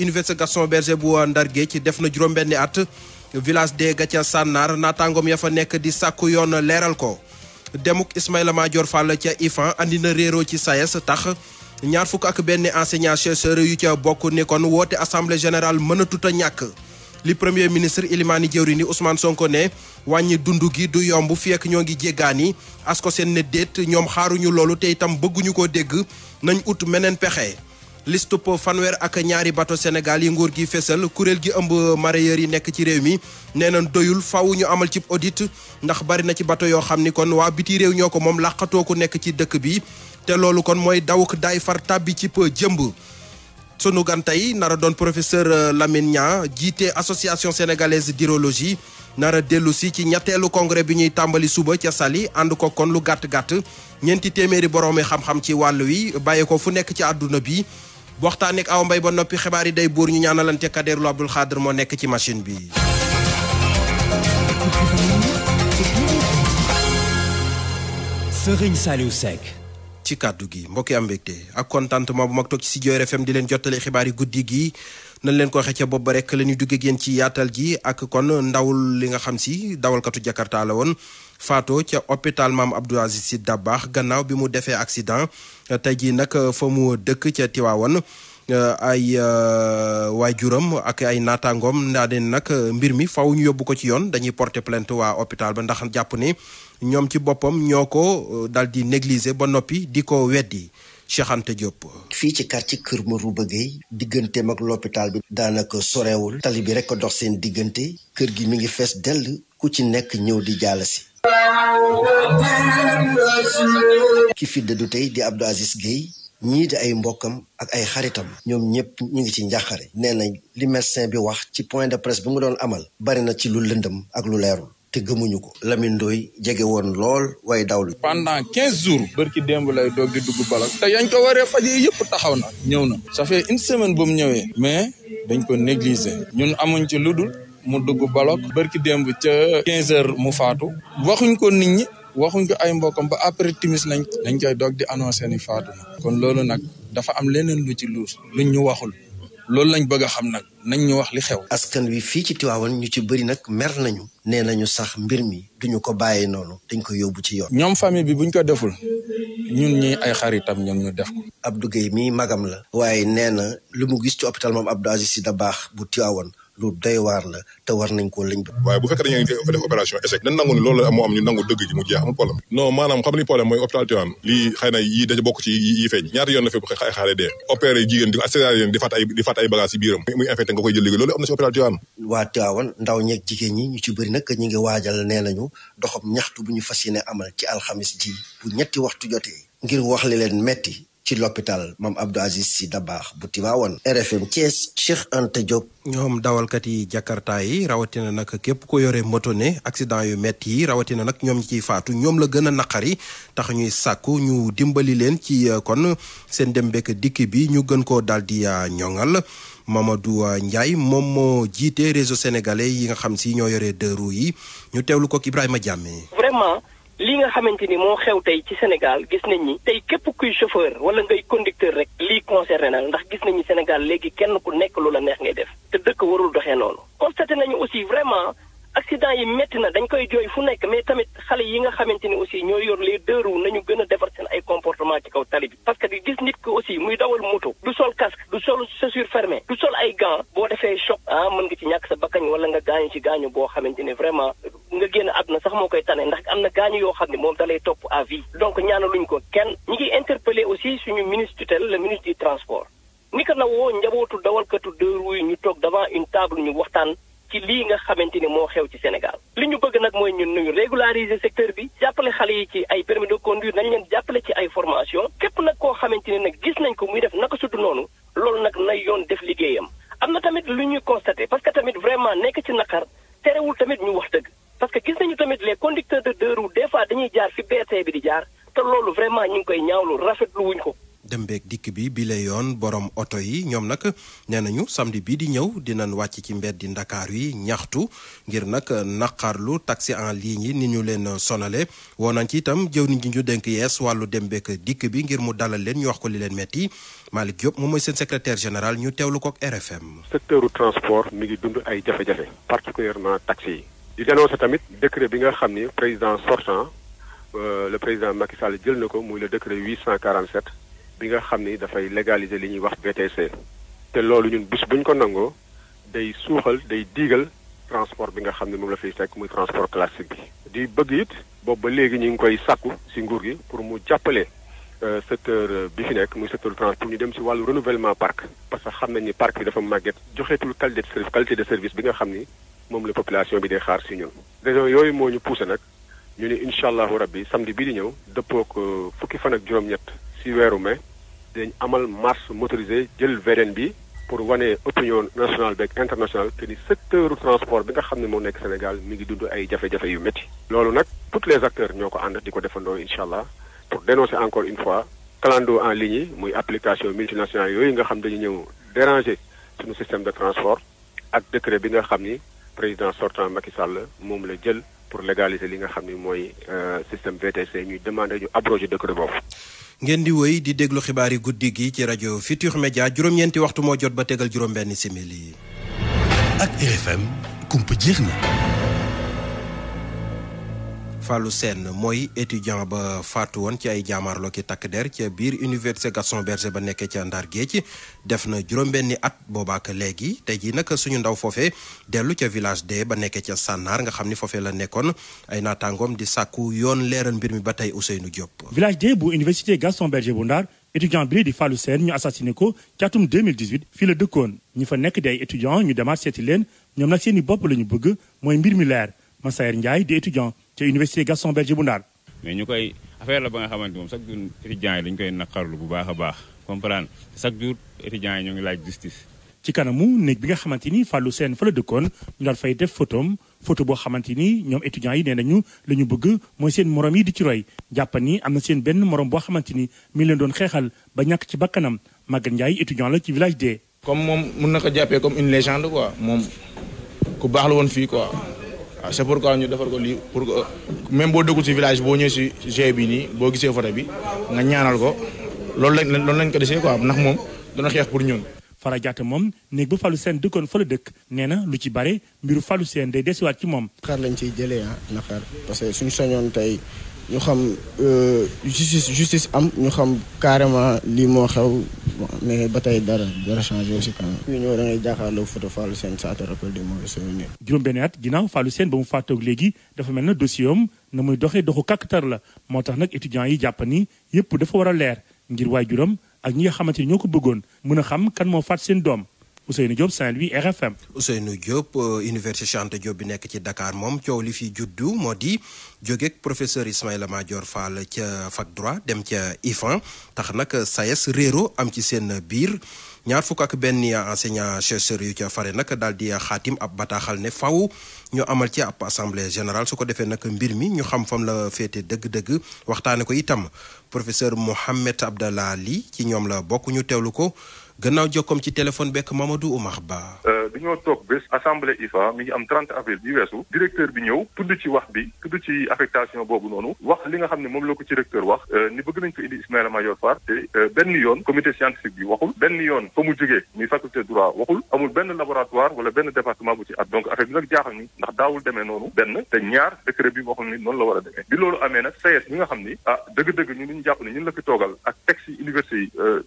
université Gaston Berger bu Ndar Géej def na juróom-benni at village ga ca Sànnaar naataangoom ya fa nekk di sàkk yoon leeral ko demuk Ismaïla Madior Fall ca IFAN andi na réeroo ci SAES e tax ñaar fukk ak benn enseignant chercheur yu ca bokk ni kon woote assemblée général mënatut a ñàkk li premier ministre Ilimani Diéwrini Ousmane Sonko ne wàññi dund gi du yomb fii ak ñoo ngi jéggaani as ko seen ne déet ñoom xaaruñu loolu te itam bëgguñu ko dégg nañu ut meneen pexe. liste fanweer ak ñaari bato Sénégal yi nguur gi fesal kuréel gi ëmb mareyeur yi nekk ci réew mi nee na doyul faw ñu amal cib audit ndax bari na ci bato yoo xam ni kon waa biti réew ñoo ko moom làqatoo ku nekk ci dëkk bi te loolu kon mooy dawuk daay far tàbbi ci po jëmb sunu gan tey nara doon professeur euh, Lamine Niang jiite association sénégalaise d'urologie nara dellu si ci ñetteelu congrès bi ñuy tàmbali suba ca Saly ànd ko kon lu gàtt gàtt ñeenti téeméeri boroomi xam-xam ci wàll wi bàyyi ko fu nekk ci àdduna bi waxtaan ak aw mbay ba noppi xibaar yi day buur ñu ñaanalante Kaderu Abdul Xaadir moo nekk ci machine bi. Serigne Saliou Seck. ci kàddu gi mbokki am mbégte ak contentement bu mag toog ci studio RFM di leen jottali xibaar yi guddi gi. nañ leen ko waxee ca bopp ba rek la ñuy dugg ak ci yaatal gi ak kon ndawul li nga xam si dawalkatu Jakarta la woon faatoo ca hôpital Maam Abdou Aziz Sy Dabakh gannaaw bi mu defee accident tey jii nag fa mu dëkk ca Tiwaawan ay euh, waajuram ak ay naataangoom ndaa den nag mbir mi faw ñu yóbbu ko ci yoon dañuy porter plainte waa hôpital ba ndax jàpp ne ñoom ci boppam ñoo ko euh, dal di négliger ba noppi di ko weddi Cheikh Anta Diop. fii ci ci Kër Marouba Gueye digganteem ak l'hôpital bi daanaka sorewul tali bi rek ko dox seen diggante kër gi mi ngi fees dell ku ci nekk ñëw di jaala si ki fi du tey di Abdou Aziz Gueye ñii di ay mbokkam ak ay xaritam ñoom ñëpp ñu ngi ci njàqare nee nañ li médecin bi wax ci point de presse bi mu doon amal bari na ci lu lëndëm ak lu leerul te gëmuñu ko Lamine jege woon lool waaye dawlu pendant quinze jours bërki démb lay doog di dugg balak te yañ ko waree faje yëpp taxaw na ñëw na ça une semaine bu mu ñëwee mais dañ ko négliger ñun amuñ ci lu dul mu dugg balok bërki demb ca quinze heures mu faatu waxuñ ko nit ñi waxuñ ko ay mbokkam ba après timis lañ lañ koy doog di annoncé ni faatu kon loolu nag dafa am leneen lu ci luus luñ ñu waxul loolu lañ bëgg xam nag nañ ñu wax li xew. askan wi fii ci Tiwaawan ñu ci bëri nag mer nañu. nee nañu sax mbir mi duñu ko bàyyee noonu dañ ko yóbbu ci yoon. ñoom famille bi buñ ko deful ñun ñi ay xaritam ñoom ñu def ko. Abdou Guèye mii magam la. waaye nee na lu mu gis ci hôpital moom Abdou Aziz Sy baax bu Tiwaawan lu doy waar la te war nañ koo lañ. waaye bu fekkee dañuy def opération échec. dañ nangu ni loolu moo am ñu nangu dëgg ji mu jeex amul problème. non maanaam xam ni problème mooy hôpital Tivaouane. lii na yii dañu bokk ci yii feeñ. ñaata yoon la fi xay xaale dee. opéré jigéen di ko ay di ci biiram. muy infecté nga koy jël léegi loolu am na ci hôpital Tivaouane. waa Tivaouane ndaw ñeeg jigéen ñi ñu ci bëri nag ñu ngi waajal nee nañu doxam ñaxtu bu ñu fas amal ci ngir wax li leen metti ci l'hôpital Mame Abdou Aziz Sy baax bu Tivaouane RFM Thiès Cheikh Anta Diop ñoom dawalkat yi jakarta yi rawatina nag képp ko yore moto ne accident yu metti yi rawatina nag ñoom ñi ciy faatu ñoom la gën a naqari tax ñuy sàkku ñu dimbali leen ci euh, kon seen dem bekk dikk bi ñu gën koo daal di euh, ñoŋal Mamadou euh, Ndiaye moom moo jiite réseau sénégalais yi nga xam si ñoo yore deux yi ñu teewlu ko Ibrahima Diamé li nga xamante ni moo xew tey ci Sénégal gis nañ ñi tey képp kuy chauffeur wala ngay conducteur rek lii concerné na ndax gis nañu Sénégal léegi kenn ku nekk lu la neex ngay def te dëkk warul doxee noonu constaté nañu aussi vraiment accident yi métti na dañ koy jooy fu nekk mais tamit xale yi nga xamante ni aussi ñoo yor les deux nañu gën a defar seen ay comportement ci kaw tali bi parce que gis nit ki aussi muy dawal moto du sol casque du sol chaussure fermée du sol ay gan boo defee choc ah mën nga ci ñàkk sa bakkañ wala nga gaañu ci gaañu boo xamante ni vraiment nga génn àdduna sax moo koy tane ndax am na gaañu yoo xam ne moom da lay topp à vie donc ñaanaluñ ko kenn ñi ngi interpeller aussi suñu ministre tutelle le ministre du transport ni ko na woo njabootu dawalkatu deux roues yi ñu toog devant une table ñu waxtaan ci lii nga xamante ni moo xew ci Sénégal li ñu bëgg nag mooy ñun nuyu régulariser secteur bi jàppale xale yi ci ay permis de conduire nañ leen jàppale ci ay formation képp nag ko xamante ni nag gis nañ ko muy def naka sudu noonu loolu nag na yoon def liggéeyam am na tamit lu ñuy constaté parce que tamit vraiment nekk ci naqar terewul tamit ñu wax dëgg parce que gis nañu tamit le conducteurs de deux roues des fois dañuy jaar fi BRT bi di jaar te loolu vraiment ñu ngi koy ñaawlu rafetlu wuñ ko dembeek dikk bi bi la yoon borom oto yi ñoom nag nee nañu samedi bii di ñëw dinañ wàcc ci mbeddi ndakaar yi ñaxtu ngir nag naqarlu taxi en ligne yi ni ñu leen sonale woo nañ ci itam jëwriñ ji ñu dénk yees wàllu dem dikk bi ngir mu dalal leen ñu wax ko li leen metti Malick Diop moom mooy seen secrétaire général ñu teewlu ko ak RFM. secteur transport mi ngi dund ay jafe-jafe. particulièrement taxi yi. di dénoncé tamit décret bi nga xam ni président sortant euh, le président Macky Sall jël na ko muy le décret 847. bi nga xam ni dafay légaliser li ñuy wax VTC. te loolu ñun bis buñ ko nangoo day suuxal day diigal transport bi nga xam ne moom la fiy fekk muy transport classique bi. di bëgg it boobu ba léegi ñu ngi koy sàkku ci nguur gi pour mu jàppale euh, secteur bi fi nekk muy secteur transport pour ñu dem ci wàllu renouvellement parc. parce que xam nañ ni parc bi dafa màgget joxeetul qualité de service qualité de service bi nga xam ni moom la population bi day xaar ci ñun. raison yooyu moo ñu poussé nag ñu ne incha allahu rabbi samedi bii di ñëw dëppook euh, fukki fan ak juróom-ñett weeru mai. dañ amal marche motorisée jël VDN bi pour wane opinion nationale beeg internationale que ni secteur transport bi nga xam ne moo nekk Sénégal mi ngi dund ay jafe-jafe yu métti. loolu nag tous les acteurs ñoo ko ànd di ko defandoo incha allah pour dénoncer encore une fois clando en ligne yi muy application multinationale yooyu nga xam dañu ñëw déranger suñu système de transport ak décret bi nga xam ni président sortan Macky Sall moom la jël pour légaliser li nga xam ni mooy euh, système VTC ñuy demander ñu abroger décret boobu. ngeen di wéy di déglu xibaar yi guddi gi ci rajo Futur Media juróom-ñeenti waxtu moo jot ba tegal juróom-benn simili yi. ak RFM kumpa jeex na. Fallou Sène mooy étudiant ba faatu woon ci ay jaamaarloo ki takk der ca biir université Gaston Berger ba nekkee ca Ndar Géej def na juróom-benni at boobaak léegi tey jii nag suñu ndaw foofee dellu ca village d ba nekkee ca Sànnaar nga xam ni foofee la nekkoon ay naataangoom di sàkku yoon leeral mbir mi ba tey Ousseynou Diop. village de bu université Gaston Berger bu Ndar étudiant bii di Fallou Sène ñu assassiné ko ci atum 2018 fii la dëkkoon ñu fa nekk di ay ñu demaat leen ñoom nag bopp la ñu bëgg mooy mbir mi leer ca université Gaston Berger bu Ndar. mais ñu koy affaire la ba nga xamante moom chaque jour étudiants yi dañu koy bu baax a baax comprendre chaque jour étudiants yi ñu ngi laaj justice. ci kanamu néeg bi nga xamante ni Fallou Sène fa la dëkkoon ñu daal fay def photom photo boo xamante ni ñoom étudiants yi nee ñu la ñu bëgg mooy seen morom yi di ci roy jàpp ni am na seen benn morom boo xamante ni mi leen doon xeexal ba ñàkk ci bakkanam Maguette Ndiaye étudiant la ci village D. comme moom mun na ko jàppee comme une légende quoi moom ku baax la woon fii quoi. waaw ah, c'est pourquoi ñu defar ko lii pour que même boo dëkkul si village boo ñëwee si G bi nii boo gisee photo bi nga ñaanal ko loolu lañ loolu lañ ko desee ko am ndax moom dana xeex pour ñun. Fara Diatta moom néeg ba Fallou seen dëkkoon fa dëkk nee na lu ci bare mbiru Fallou Sène day desiwaat ci moom. xar lañ ciy jëlee ah na parce que suñu sañoon tey. ñu xam euh, justice justice am ñu xam carrément lii moo xew mais ba tey dara dara changé aussi quand même. ñëw da ngay jàkkaarloo photo Fallou Sène ça te rappelle des mauvais souvenirs. juróom-benni at ginnaaw Fallou Sène ba mu faatoog léegi dafa mel na dossier am na muy doxee doxu kàkkatar la moo tax nag étudiants yi jàpp ni yëpp dafa war a leer ngir waaye juróom ak ñi nga xamante ni ñoo ko bëggoon mën a xam kan moo faat seen doom. Ousseynou Diop Saint-Louis RFM. Ousseynou Diop euh, Université Cheikh Anta bi nekk ci Dakar moom coow li fi juddu moo di jógeeg professeur Ismaïla Madior Fall ca fac droit dem ca IFAN tax nag SAES réero am ci seen biir. ñaar fukk ak benn enseignant chercheur yu ca fare nag daal di xaatim ab bataaxal ne faw ñu amal ci ab assemblée général su ko defee nag mbir mi ñu xam fam la féete dëgg-dëgg waxtaane ko itam professeur Mohamed Abdallah Ly ci ñoom la bokk ñu teewlu ko gannaaw jokkoom ci téléphone bekk Mamadou Oumar Ba. Euh, dañoo toog bés assemblée IFA mi ngi am 30 avril bi weesu directeur bi ñëw tudd ci wax bi tudd ci affectation boobu noonu wax li nga xam ne moom la ko ci recteur wax euh, ni bëgg nañ ko indi Ismaïla Madior Fall te euh, benn yoon comité scientifique bi waxul benn yoon fa mu jógee muy faculté droit waxul amul benn laboratoire wala benn département bu ci at donc affaire bi nag jaaxal ñu ndax daawul demee noonu benn te la war a demee bi loolu amee nag SAES e xam ni ah dëgg-dëgg ñun ñu jàpp ne ñun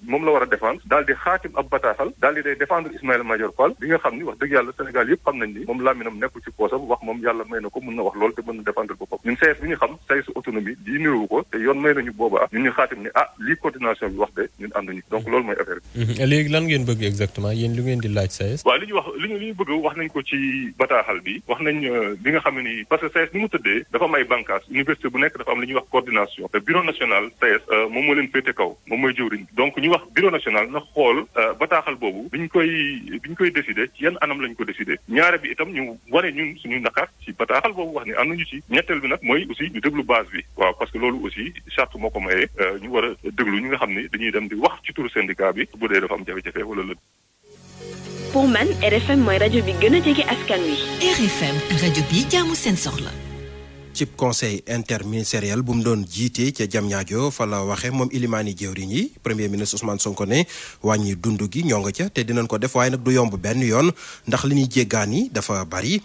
moom la war a xaatim ab bataaxal daal di day défendre Ismaïla Madior Fall bi nga xam ni wax dëgg yàlla Sénégal yëpp xam nañ ni moom laaminam nekku ci poosam wax moom yàlla may na ko mën na wax loolu te mën na défendre boppam ñun sayes bi ñu xam sayes autonomie di nirowu ko te yoon may nañu booba ñun ñu xaatim ni ah lii coordination bi wax de ñun ànduñu donc loolu mooy affaire bi mhm. léegi lan ngeen bëgg exactement yéen lu ngeen di laaj sayes waaw li ñu wax li ñu bëgg wax nañ ko ci bataaxal bi euh, nga xam ni parce que sayes ni mu tëddee dafa am ay nekk dafa am li ñuy wax coordination bureau national sayes euh, moo leen féete kaw moom mooy jëwriñ donc ñu wax bureau national na xool Euh, bataaxal boobu biñ koy biñ koy décider ci yan anam lañ ko décider ñaare bi itam ñu wane ñun suñu naqar ci bataaxal boobu wax ne am na ñu ci ñetteel bi nag mooy aussi ñu déglu base bi waaw parce que loolu aussi charte moo ko mayee euh, ñu war a déglu ñi nga xam ne dañuy dem di wax ci turu syndicat bi bu dee dafa am jafe-jafe wala lëdd pour man RFM mooy rajo bi gën a jege askan wi. RFM rajo bi jaamu seen soxla. cib conseil interministériel bu mu doon jiitee ca Diamniadio fa la waxe moom ilimaani jëwriñ yi premier ministre Ousmane Sonko ne wàññi dund gi ñoo nga ca te dinañ ko def waaye nag du yomb benn yoon ndax li ñuy jéggaan yi dafa bari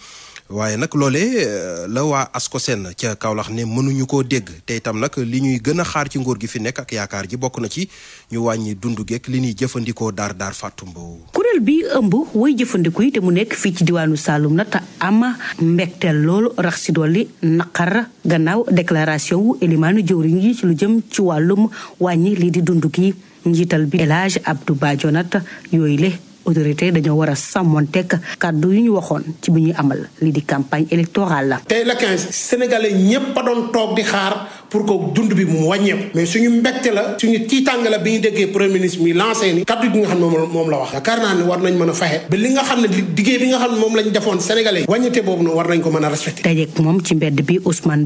waaye nag loole euh, la waa Ascosen ca Kaolack ne mënuñu ko dégg te itam nag li ñuy gën a xaar ci nguur gi fi nekk ak yaakaar ji bokk na ci ñu wàññi dund geek li ñuy jëfandikoo daar daar fàttu mbow kuréel bi ëmb woy jëfandiku yi te mu nekk fii ci diwaanu Saloum na te am mbégteel loolu rax si dolli naqar gannaaw déclaration wu élimaanu jëwriñ yi ci lu jëm ci wàllum wàññi li di dund gi njiital bi El Hadj Abdou na Jonat yooyu le autorité dañoo war a sàmmonteeg kàddu yu ñu waxoon ci bu ñuy amal lii di campagne électorale la. tey la 15 sénégalais ñëpp a doon toog di xaar pour que dund bi mu wàññeeku. mais suñu mbégte la suñu tiitàng bi ñu déggee premier ministre mi lancé ni kaddu gi nga xam ne moom la wax. yaakaar naa ne war nañ mën a fexe ba li nga xam ne liggéey bi nga xam ne moom lañ defoon sénégalais wàññite boobu noonu war nañ ko mën a respecté. dajeeg moom ci mbedd bi Ousmane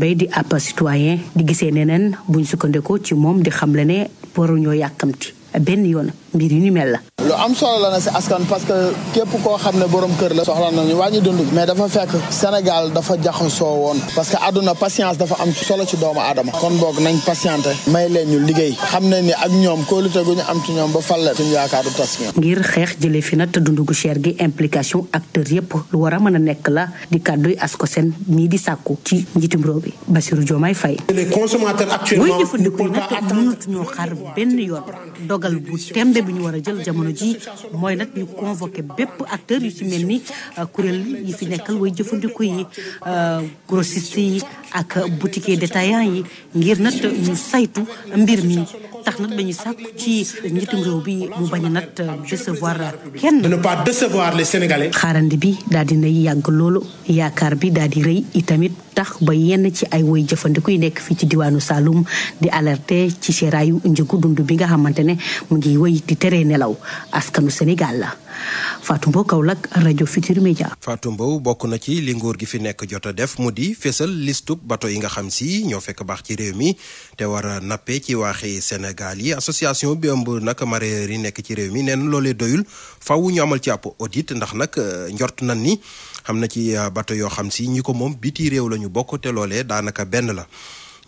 lu am solo la na si askan parce que képp koo xam ne borom kër la soxla nañu wàññi dund mais dafa fekk Sénégal dafa jaxasoo woon parce que àdduna patience dafa am solo ci doomu aadama kon boog nañ patienté may leen ñu liggéey xam ne ni ak ñoom kóolute gu ñu am ci ñoom ba fàlle suñu yaakaar du ngir xeex jële fi nag dund gu cher gi implication acteur yépp lu war a mën a nekk la di kàdduy Ascosen ñii di sàkku ci njiitum réew bi Bassirou Diomaye Faye les consommateurs actuellement ñoo xaar benn yoon dogal bu tembe bi ñu ji mooy nag ñu convoqué bépp acteur yu si mel ni euh, kuréel yi fi nekk nekkal way jëfandiku yi euh, grossiste yi ak boutiquier détaillant yi ngir nag ñu saytu mbir mi tax nag dañuy sàkku ci njiitum réew bi mu bañ a nag décevoir kenn. de ne pas décevoir les Sénégalais. xaarandi bi daal di nay yàgg loolu yaakaar bi daal di rëy itamit tax ba yenn ci ay woy jëfandiku yi nekk fii ci diwaanu Saloum di alerte ci seeraayu njëgu dund bi nga xamante ne mu ngi woy di tere nelaw askanu Sénégal la. Fatou Mbow Kaolack rajo Futur Media. Fatou Mbow bokk na ci li nguur gi fi nekk jot def mu di fésal listub bato yi nga xam si ñoo fekk baax ci réew mi te war a nappe ci waaxi senegal yi association bi ëmb nag mareyeur yi nekk ci réew mi nee loolee doyul faw ñu amal ci ab audit ndax nag euh, njort na ni xam na ci euh, bato yoo xam si ñi ko moom biti réew la ñu bokk te loolee daanaka benn la.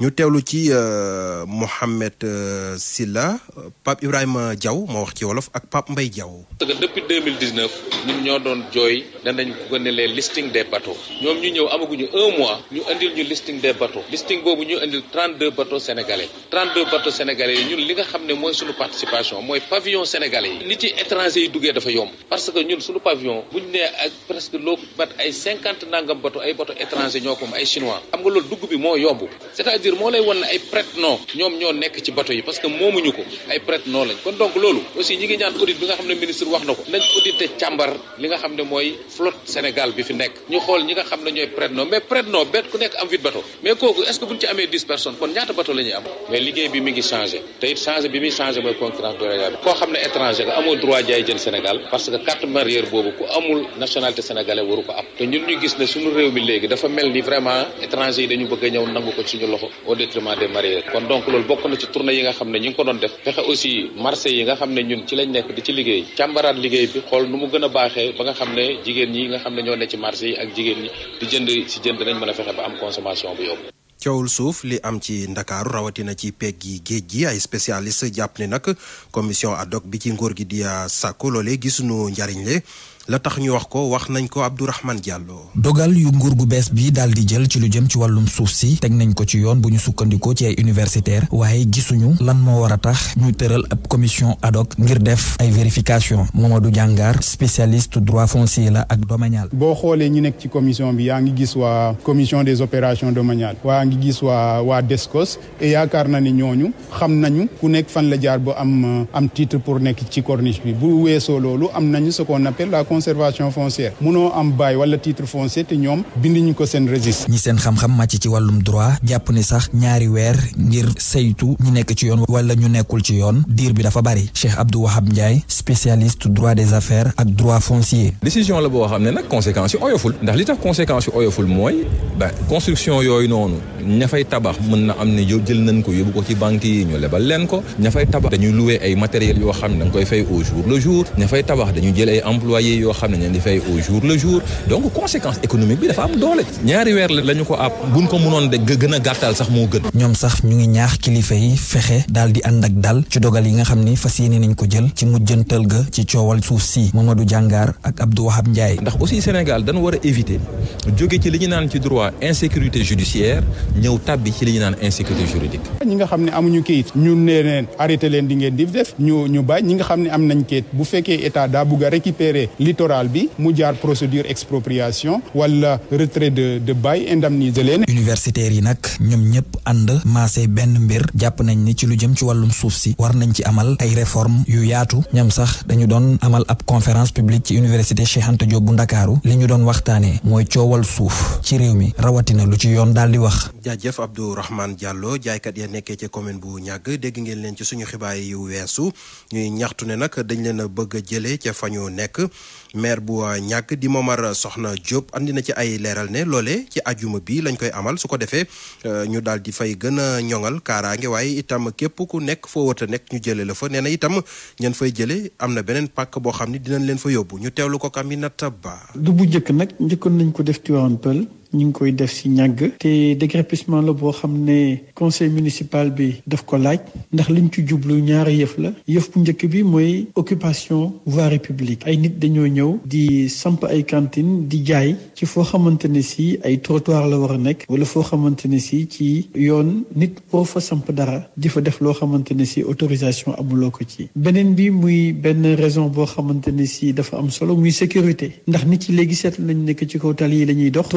ñu teewlu ci euh, Mouhamed euh, Silla Pape Ibrahima Diaw moo wax ci wolof ak pap mbay Diaw. parce que depuis 2019 ñun ñoo doon jooy danañ gënalee listing des bateaux ñoom ñu ñëw amaguñu un mois ñu andil ñu listing des bateaux listing boobu ñu andil 32 bateaux sénégalais 32 bateaux sénégalais yi ñun li nga xam ne mooy suñu participation mooy pavillon sénégalais yi. li ci étranger yi duggee dafa yomb parce que ñun suñu pavillon buñ nee ak presque loo mat ay 50 nangam bateaux ay bateaux étranger ñoo ko ay chinois xam nga loolu dugg bi moo yomb moo lay wan ne ay prête non ñoom ñoo nekk ci bato yi parce que moomuñu ko ay prête non lañ kon donc loolu aussi ñi ngi ñaan audit bi nga xam ne ministre wax na ko nañ audité nekk am huit xam ne étranger nga amoo droit jaay jën Sénégal parce que carte barrière boobu ku amul nationalité sénégalaise waru ko am te ñun ñu gis ne suñu réew mi léegi dafa mel ni vraiment étranger yi dañu bëgg ñëw nangu ko suñu loxo au détriment des mariés kon donc loolu bokk na ci tournée yi nga xam ne ñu ngi ko doon def fexe aussi marché yi nga xam ne ñun ci lañ nekk di ci liggéey càmbaraat liggéey bi xool nu mu gën a baaxee ba nga xam ne jigéen ñi nga xam ne ñoo ne ci marché yi ak jigéen ñi di jënd ci jënd nañ mën a fexe ba am consommation bu yóbbu coowul suuf li am ci ndakaaru rawatina ci pegg yi géej gi ay spécialist jàpp ne nag commission ad hoc bi ci nguur gi di euh, sàkku loolee gisuñu njariñ le la tax ñu wax ko wax nañ ko Abdourahmane Diallo. dogal yu nguur gu bees bi daal di jël ci lu jëm ci wàllum suuf si teg nañ ko ci yoon bu ñu sukkandikoo ci ay universitaire waaye gisuñu lan moo war a tax ñu tëral ab commission ad hoc ngir def ay vérification Mamadou Diangar spécialiste droit foncier la ak domanial. boo xoolee ñu nekk ci commission bi yaa ngi gis waa commission des opérations domaniales waa ngi gis waa waa DESCOS et yaakaar na ni ñooñu xam nañu ku nekk fan la jaar ba am am pour nekk ci corniche bi bu weesoo loolu am nañu ce conservation foncière munoo am bail wala titre foncier te ñoom binduñu ko seen registre. ñi seen xam-xam màcc ci wàllum droit jàpp ni sax ñaari weer ngir saytu ñu nekk ci yoon wala ñu nekkul ci yoon diir bi dafa bari Cheikh Abdou Wahab Ndiaye spécialiste droit des affaires ak droit foncier. décision la boo xam ne nag conséquences yu oyoful ndax li tax conséquences yu oyoful mooy ba construction yooyu noonu ña fay tabax mën na am ne yow jël nañ ko yóbbu ko ci yi ñu lebal leen ko ña fay tabax dañuy yoo xam da nga yoo xam ne ñu ngi fay au jour le jour donc conséquence économique bi dafa am doole ñaari weer la ko ab buñ ko mënoon de gën a gàttal sax moo gën. ñoom sax ñu ngi ñaax kilifa yi fexe daal di ànd ak dal ci dogal yi nga xam ni fas yéene nañ ko jël ci mujjantal ga ci coowal suuf si Mamadou Jàngaar ak Abdou Wahab Ndiaye. ndax aussi Sénégal dañu war a éviter jóge ci li ñu naan ci droit insécurité judiciaire ñëw tàbbi ci li ñu naan insécurité juridique. ñi nga xam ne amuñu kayit ñu ne leen arrêté leen a littoral bi mu jaar procédure expropriation wala retrait de de bail indemniser leen. universitaires yi nag ñoom ñëpp ànd maase benn mbir jàpp nañ ni ci lu jëm ci wàllum suuf si war nañ ci amal ay réforme yu yaatu ñam sax dañu doon amal ab conférence publique ci université Cheikh Anta Diop bu Ndakaaru li ñu doon waxtaanee mooy coowal suuf ci réew mi rawatina lu ci yoon daal di wax. jaajëf Abdourahmane Diallo jaaykat ya nekkee ci commune bu ñàgg dégg ngeen leen ci suñu xibaar yu weesu ñuy ñaxtu ne nag dañ leen a bëgg a jëlee ca fa nekk. maire bu ñàkk euh, di Momar Soxna Diop andi na ci ay leeral ne loole ci ajuma bi lañ koy amal su ko defee euh, ñu daal di fay gën a ñoŋal kaaraange waaye itam képp ku nekk foo wata nekk ñu jëlee la fa nee na itam ñeen fay jëlee am na beneen pàkk boo xam ne dinañ leen fa yóbbu ñu teewlu ko Aminata Ba. du bu njëkk nag njëkkoon nañ ko def Tivaouane ñu ngi koy def si ñàgg te dégrépissement la boo xam ne conseil municipal bi daf ko laaj ndax liñ ci jublu ñaari yëf la yëf bu njëkk bi mooy occupation voirie publique ay nit dañoo ñëw di samp ay cantine di jaay ci foo xamante ne si ay trottoir la war a nekk wala foo xamante ne si ci yoon nit boo fa samp dara di fa def loo xamante ne si autorisation amuloo ko ci beneen bi muy benn raison boo xamante ne si dafa am solo muy sécurité ndax nit ci léegi seetlu nañ nekk ci kaw tali yi la ñuy dox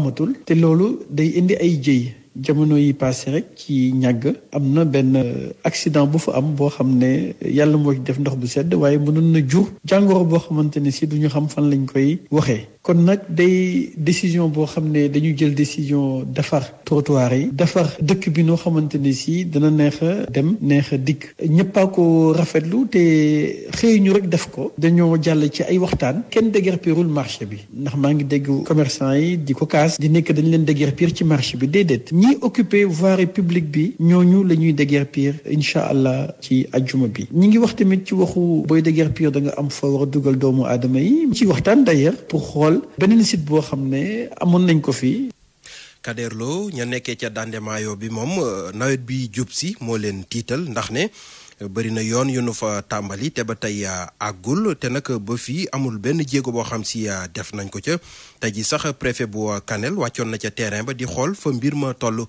amatul te loolu day indi ay jëy jamono yi paase rek ci ñàgg am na benn euh, accident bu fa am boo xam ne euh, yàlla moo ci def ndox bu sedd waaye mënoon na jur jàngoro boo xamante ne si duñu xam fan lañu koy waxee kon nag day décision boo xam ne dañu jël décision defar trottoir yi defar dëkk bi noo xamante ne si dana neex dem neex dikk ñëpp a ko rafetlu te xëy ñu rek def ko dañoo jàll ci ay waxtaan kenn déguerpirul marché bi ndax maa ngi dégg commerçant yi di ko di nekk dañ leen déguerpir ci marché bi déedéet ñi occupé voirie publique bi ñooñu la ñuy déguerpir incha allah ci ajjuma bi ñi ngi wax tamit ci waxu booy déguerpir da nga am fa war a dugal doomu aadama yi ci waxtaan d'ailleurs pour xool xool beneen site boo xam ne amoon nañ ko fii. Kader ña nekkee ca Dandemaayo bi moom euh, nawet bi jub si moo leen tiital ndax ne euh, bëri na yoon yu nu fa tàmbali te ba tey euh, àggul te nag ba fii amul benn jéego boo xam si def nañ ko ca tey ji sax préfet bu kaneel wàccoon na ca terrain ba di xool fa mbir ma toll.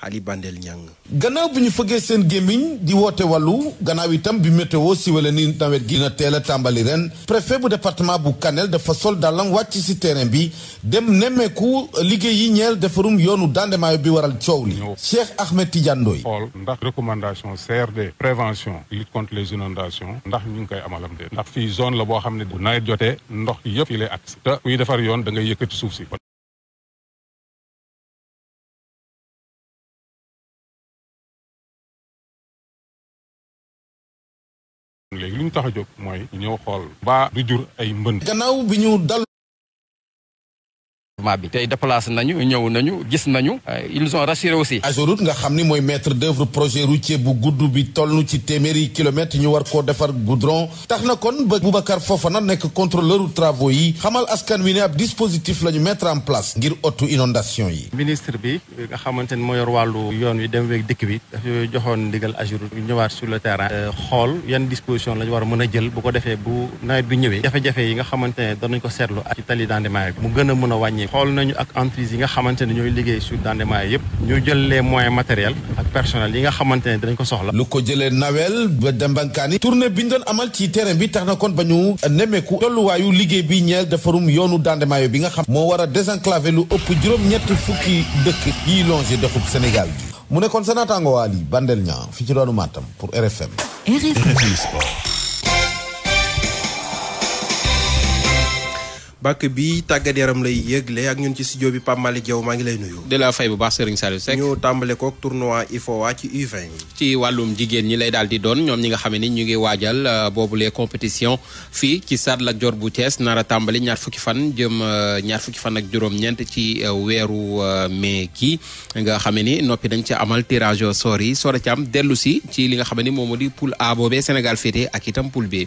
Ali Bandel Niang. gannaaw bi ñu fëggee seen gémmiñ di woote wàllu gannaaw itam bi météo siwale ni nawet gi na teel a tàmbali ren préfet bu département bu Kanel dafa sol dàllam wàcc si terrain bi dem nemmeeku liggéey yi ñeel defarum yoonu dandemaayo bi waral coow li Cheikh Ahmed Tidiane Ndoye xool ndax recommandation CRD prévention lutte contre les inondations ndax ñu ngi koy amalam de ndax fi zone la boo xam ne bu nawet jotee ndox yëpp fii lay agsi defar yoon da ngay yëkkati suuf si léegi li ñu tax a jóg mooy ñëw xool. baa du jur ay mbënd. gannaaw bi ñu dal. département bi tey déplacé nañu ñëw nañu gis nañu euh, ils ont rassuré aussi Azoroute nga xam ni mooy maître d'œuvre projet routier bu gudd bi toll ci téeméeri kilomètres ñu war koo defar goudron tax na kon ba Boubacar na nekk contrôleur travaux yi xamal askan wi ne ab dispositif la ñu mettre en place ngir ottu inondation yi ministre bi nga xamante ni moo yor wàllu yoon wi dem weeg dikk bi dafa joxoon ndigal Azoroute ñëwaat sur le terrain euh, xool yan disposition la ñu war a bu ko defee bu nawet bi ñëwee jafe-jafe yi nga xamante ne xool nañu ak entreprise yi nga xamante ne ñooy liggéey sur Dandemaay yëpp ñoo jël les moyens matériels ak personnel yi nga xamante ne dinañ ko soxla. lu ko jëlee nawel ba dembankaani tournée bi ñu doon amal ci tere bi tax na kon ba ñu nemmeeku tolluwaayu liggéey bi ñeel defarum yoonu Dandemaay bi nga xam moo war a désenclaver lu ëpp juróom-ñett fukki dëkk yiy longer dexub Sénégal bi mu nekkoon sa naataango waa Bandel ñaa fi ci doonu Matam pour RFM. bàkk bi tàggat yaram lay yëgle ak ñun ci studio bi Pape Malick maa ngi lay nuyu. di la fay bu baax Serigne Saliou Seck. ñu tàmbale kook tournoi IFOA ci U20. ci wàllum jigéen ñi lay daal di doon ñoom ñi nga xam ne ñu ngi waajal euh, boobu les compétition fii ci Stade Lat Dior bu Thiès nar a tàmbali ñaar fukki fan jëm euh, ñaar fukki fan ak juróom-ñeent ci euh, weeru mais kii nga xam ni noppi dañ ci amal tirage au sort yi sore ci am dellu si ci li nga xam ne moom moo di poule A boobee Sénégal ak itam poule bi.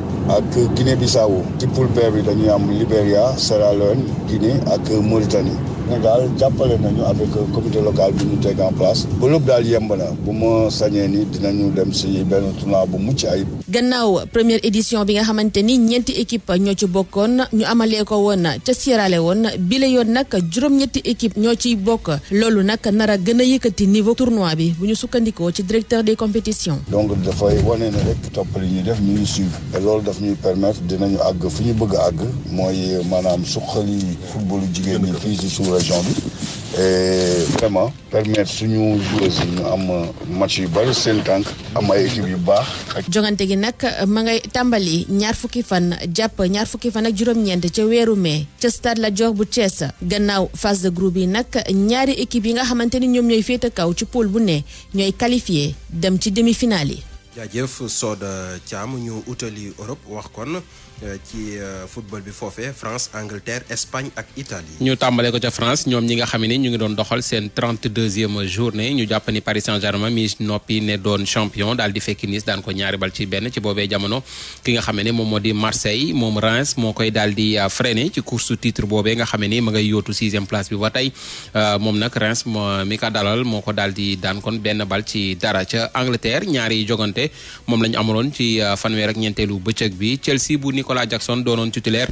ak Guinée Bissau ci poule B bi dañuy am Libéria Sierra Leone Guinée ak Mauritanie. ñu daal jàppale nañu avec euh, comité local bi ñu teg en place ba lépp daal yemb na bu ma sañee ni dinañu dem si benn tournoi bu mucc ayib. gannaaw première édition bi nga xamante ni ñeenti équipe ñoo ci bokkoon ñu amalee ko woon ca Sierra Leone bi la yoon nag juróom-ñetti équipe ñoo ciy bokk loolu nag nar gën a yëkkati niveau tournoi bi bu ñu sukkandikoo ci directeur des compétitions. donc dafay wane ne rek topp li ñuy def ñu ngi te loolu daf ñu permettre dinañu àgg fi ñu bëgg àgg mooy euh, maanaam suqali footballu occasion bi et vraiment yu bari seen tànk am ay équipe yu baax. gi nag ma ngay tàmbali ñaar fukki fan jàpp ñaar fukki fan ak juróom-ñeent ca weeru mais ca stade Lat Dior bu Thiès gannaaw phase de groupe yi nag ñaari équipe yi nga xamante ni ñoom ñooy féete kaw ci pôle bu ne ñooy qualifié dem ci demi-finale yi. jaajëf Soda Thiam ñu utali Europe wax kon. Euh, ci euh, football bi foofee France Angleterre Espagne ak Italie. ñu tàmbale ko ca France ñoom ñi nga xam ne ñu ngi doon doxal seen trente deuxième journée ñu jàpp ni Paris Saint-Germain mi noppi ne doon champion daal di fekki Nice daan ko ñaari bal ci benn ci boobee jamono ki nga xam ne moom moo di Marseille moom Reims moo koy daal di euh, freiné ci course titre boobee nga xam ne ma ngay yóotu sixième place bi ba tey moom nag Reims mi ka dalal moo ko daal di daan kon benn bal ci dara ca Angleterre ñaari moom la ñu amaloon ci fanweer ak Nicolas Jackson doonoon titulaire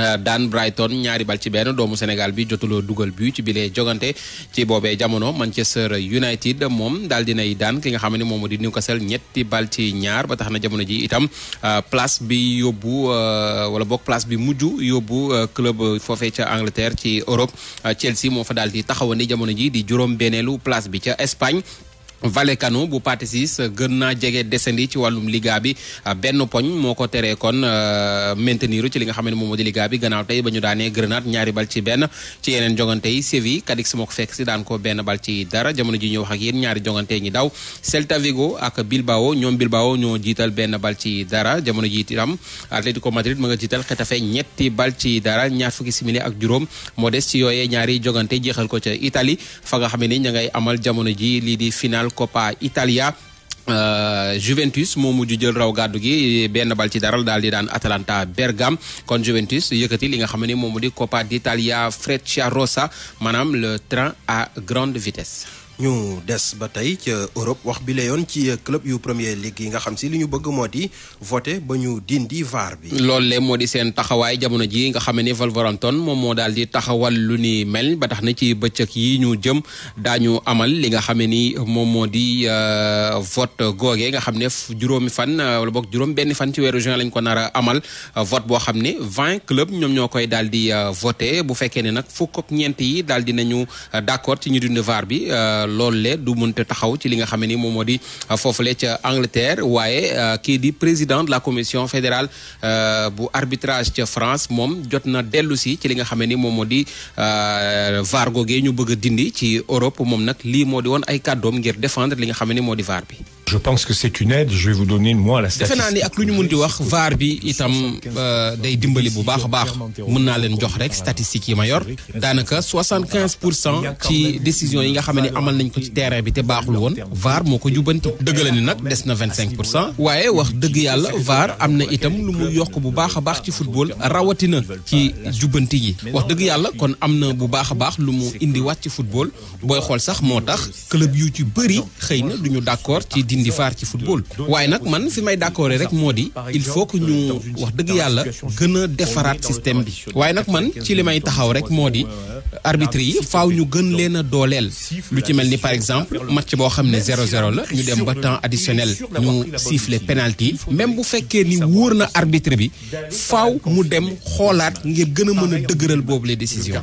euh, daan Brighton ñaari bal ci benn doomu Sénégal bi jotuloo dugal bi ci bilee jogante ci boobee jamono Manchester United moom daal dinay daan ki nga xam ne moom moo di Newcastle ñetti bal ci ñaar ba tax na jamono ji itam euh, place bi yóbbu euh, wala boog place bi mujj yóbbu club foofee ca Angleterre ci Europe Chelsea moo fa daal di taxawandi jamono ji di juróom-benneelu place bi ca Espagne. Vallecano bu Pathé Ciss gën naa jege descendi ci wàllum liga bi benn poñ moo ko teree kon euh, maintenir ci li nga xam ne moom moo di liga bi gannaaw tey ba ñu daanee Grenade ñaari bal ci benn ci yeneen jongante yi ko fekk si daan ko benn bal ci dara jamono ji ñu wax ak yéen ñaari jongante ñi daw Celta Vigo ak Bilbao ñoom Bilbao ñoo jiital benn bal ci dara jamono ji itam Atlético Madrid ma nga jiital Xetafe ñetti bal ci dara ñaar fukki simili ak juróom moo des ci yooyee ñaari jongante jeexal ko ca Italie fa nga xam ne ña ngay amal ji finale Coppa Italia Uh, Juventus moo mujj jël raw gàddu gi benn bal ci daral daal di daan Atalanta Bergam kon Juventus yëkkati li nga xam ni moom mu di Coppa d'Italia Frecciarossa maanaam le train à grande vitesse. ñu des ba tey ca Europe wax bi la yoon ci club yu Premier League yi nga xam si li ñu bëgg moo di voté ba ñu dindi VAR bi. loolee moo di seen taxawaay jamono ji nga xam ne Wolverhampton moom moo daal di taxawal lu ni mel ba tax na ci bëccëg yi ñu jëm daañu amal li nga xam ne ni moom moo di euh, vote googe nga xam ne juróomi fan euh, wala boog juróom benn fan ci weeru juin lañ ko nar a amal euh, vote boo xam ne vingt club ñoom ñoo koy daal di voté bu fekkee ne nag fukk ñeent yi daal di nañu d'accord ci ñu dindi VAR bi. le du mënta taxaw ci li nga xam ne ni moom moo di euh, foofule ca Angleterre waaye euh, kii di président de la commission fédérale euh, bu arbitrage ca France moom jot na dellu si ci li nga xam ne ni moom moo di VAR gee ñu bëgg a dindi ci Europe moom nag lii moo di woon ay kàddoom ngir défendre li nga xam ni moo di VAR bi. je pense que c'est une aide je vais vous donner moi la defe naa ni ak lu ñu mun di wax VAR bi itam euh, day dimbali bu baax a baax mën naa leen jox rek statistiques yi ma yor daanaka 75 pour cent ci décision yi nga xam ne amal nañ ko ci terrain bi te baaxul woon VAR moo ko jubbanti. dëgg la ni nag des na 25 pour cent waaye wax dëgg yàlla vaar am na itam lu mu yokk bu baax a baax ci football rawatina ci jubbanti yi wax dëgg yàlla kon am na bu baax a baax lu mu indi indiwaat ci football booy xool sax moo tax club yu ci bëri xëy dindi vaar ci football waaye nag man fi may d'accord rek moo di il faut que ñu wax dëgg yàlla gën a defaraat système bi waaye nag man ci li may taxaw rek moo di arbitre yi faaw ñu gën leen a dooleel lu ci mel ni par exemple match boo xam ne 0-0 la ñu dem ba temps additionnel ñu siffler penalty même bu fekkee ni wóor na arbitre bi faaw mu dem xoolaat ngir gën a mën a dëgëral boobu les décisions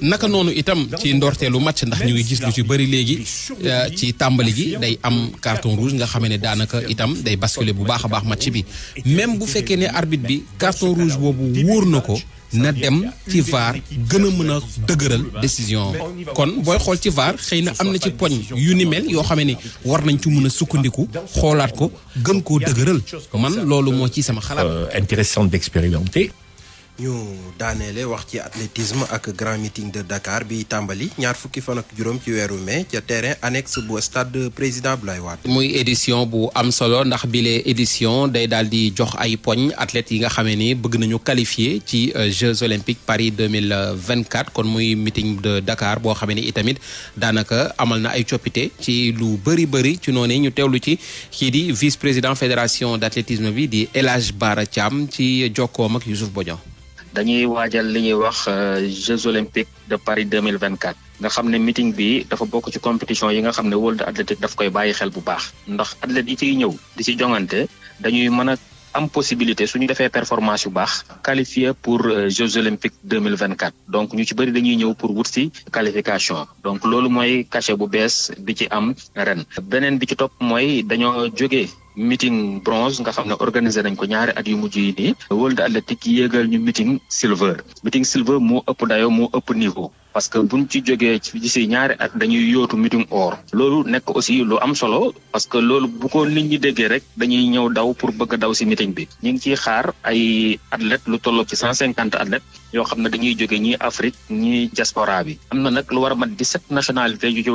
naka noonu itam ci ndorteelu match ndax ñu ngi gis lu ci bëri léegi euh, ci tàmbali gi day am carton rouge nga xam ne daanaka itam day basculer bu baax a baax match bi même bu fekkee ne arbitre bi carton rouge boobu wóor na ko na dem ci VAR gën a mën a dëgëral décision kon booy xool ci VAR xëy na am na ci poñ yu ni mel yoo xam ne war nañ ci mën a sukkandiku xoolaat ko gën koo dëgëral man loolu moo ci sama xalaat. Euh, intéressant d'expérimenter. ñu daaneele wax ci athlétisme ak grand meeting de Dakar bi tàmbali ñaar fukki fan juróom ci weeru mai ca terrain annexe bu stade président Abdoulaye Wade muy édition bu am solo ndax bile édition day daal di jox ay poñ athlètes yi nga xamee ni bëgg nañu qualifier ci euh, Jeux olympiques Paris 2024 kon muy meeting de Dakar boo xamee ni itamit daanaka amal na ay coppite ci lu bëri bëri ci noonu ñu teewlu ci kii di vice président fédération d'athlétisme bi di El Hadj Bara Thiam ci jokkoom ak Youssouf Bodian dañuy waajal li ñuy wax euh, Jeux olympiques de Paris deux mille vingt quatre nga xam ne meeting bi dafa bokk ci compétition yi nga xam ne World Athletics daf koy bàyyi xel bu baax ndax athlètes yi ciy ñëw di ci joŋante dañuy mën a am possibilité suñu defee performance yu baax qualifié pour euh, Jeux olympiques deux mille vingt quatre donc ñu ci bëri dañuy ñëw pour wut si qualification donc loolu mooy cachet bu bees bi ci am ren beneen bi ci top mooy dañoo jógee meeting bronze nga xam ne organisé nañ ko ñaari at yu mujj yi nii World Athletics yéegal ñu meeting silver meeting silver moo ëpp dayo moo ëpp niveau parce que buñ ci jógee ci si ñaari at dañuy yootu meeting or loolu nekk aussi lu am solo parce que loolu bu ko nit ñi déggee rek dañuy ñëw daw pour bëgg daw si meeting bi ñu ngi ciy xaar ay athlètes lu tolloo ci cent cinquante athlètes yoo xam ne dañuy jógee ñii Afrique ñii diaspora bi am na nag lu war a mat